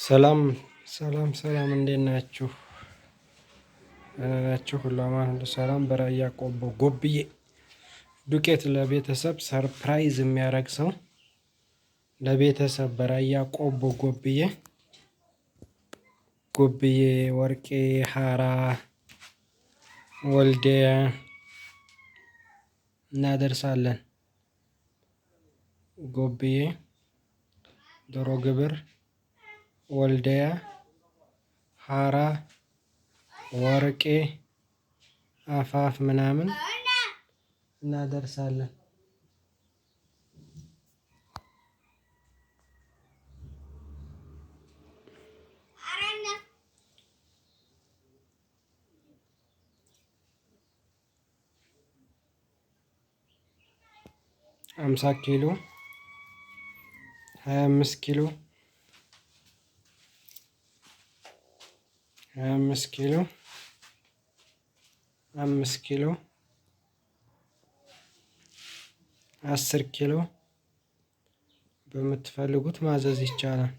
ሰላም ሰላም ሰላም፣ እንዴት ናችሁ? ደህና ናችሁ? ሁሉ አማን፣ ሁሉ ሰላም። በራያ ቆቦ ጎብዬ ዱቄት ለቤተሰብ ሰርፕራይዝ የሚያደርግ ሰው ለቤተሰብ በራያ ቆቦ ጎብዬ ጎብዬ ወርቄ ሀራ ወልዴ እናደርሳለን። ጎብዬ ዶሮ ግብር ወልደያ፣ ሀራ፣ ወርቄ፣ አፋፍ ምናምን እናደርሳለን። አምሳ ኪሎ ሀያ አምስት ኪሎ አምስት ኪሎ አምስት ኪሎ አስር ኪሎ በምትፈልጉት ማዘዝ ይቻላል።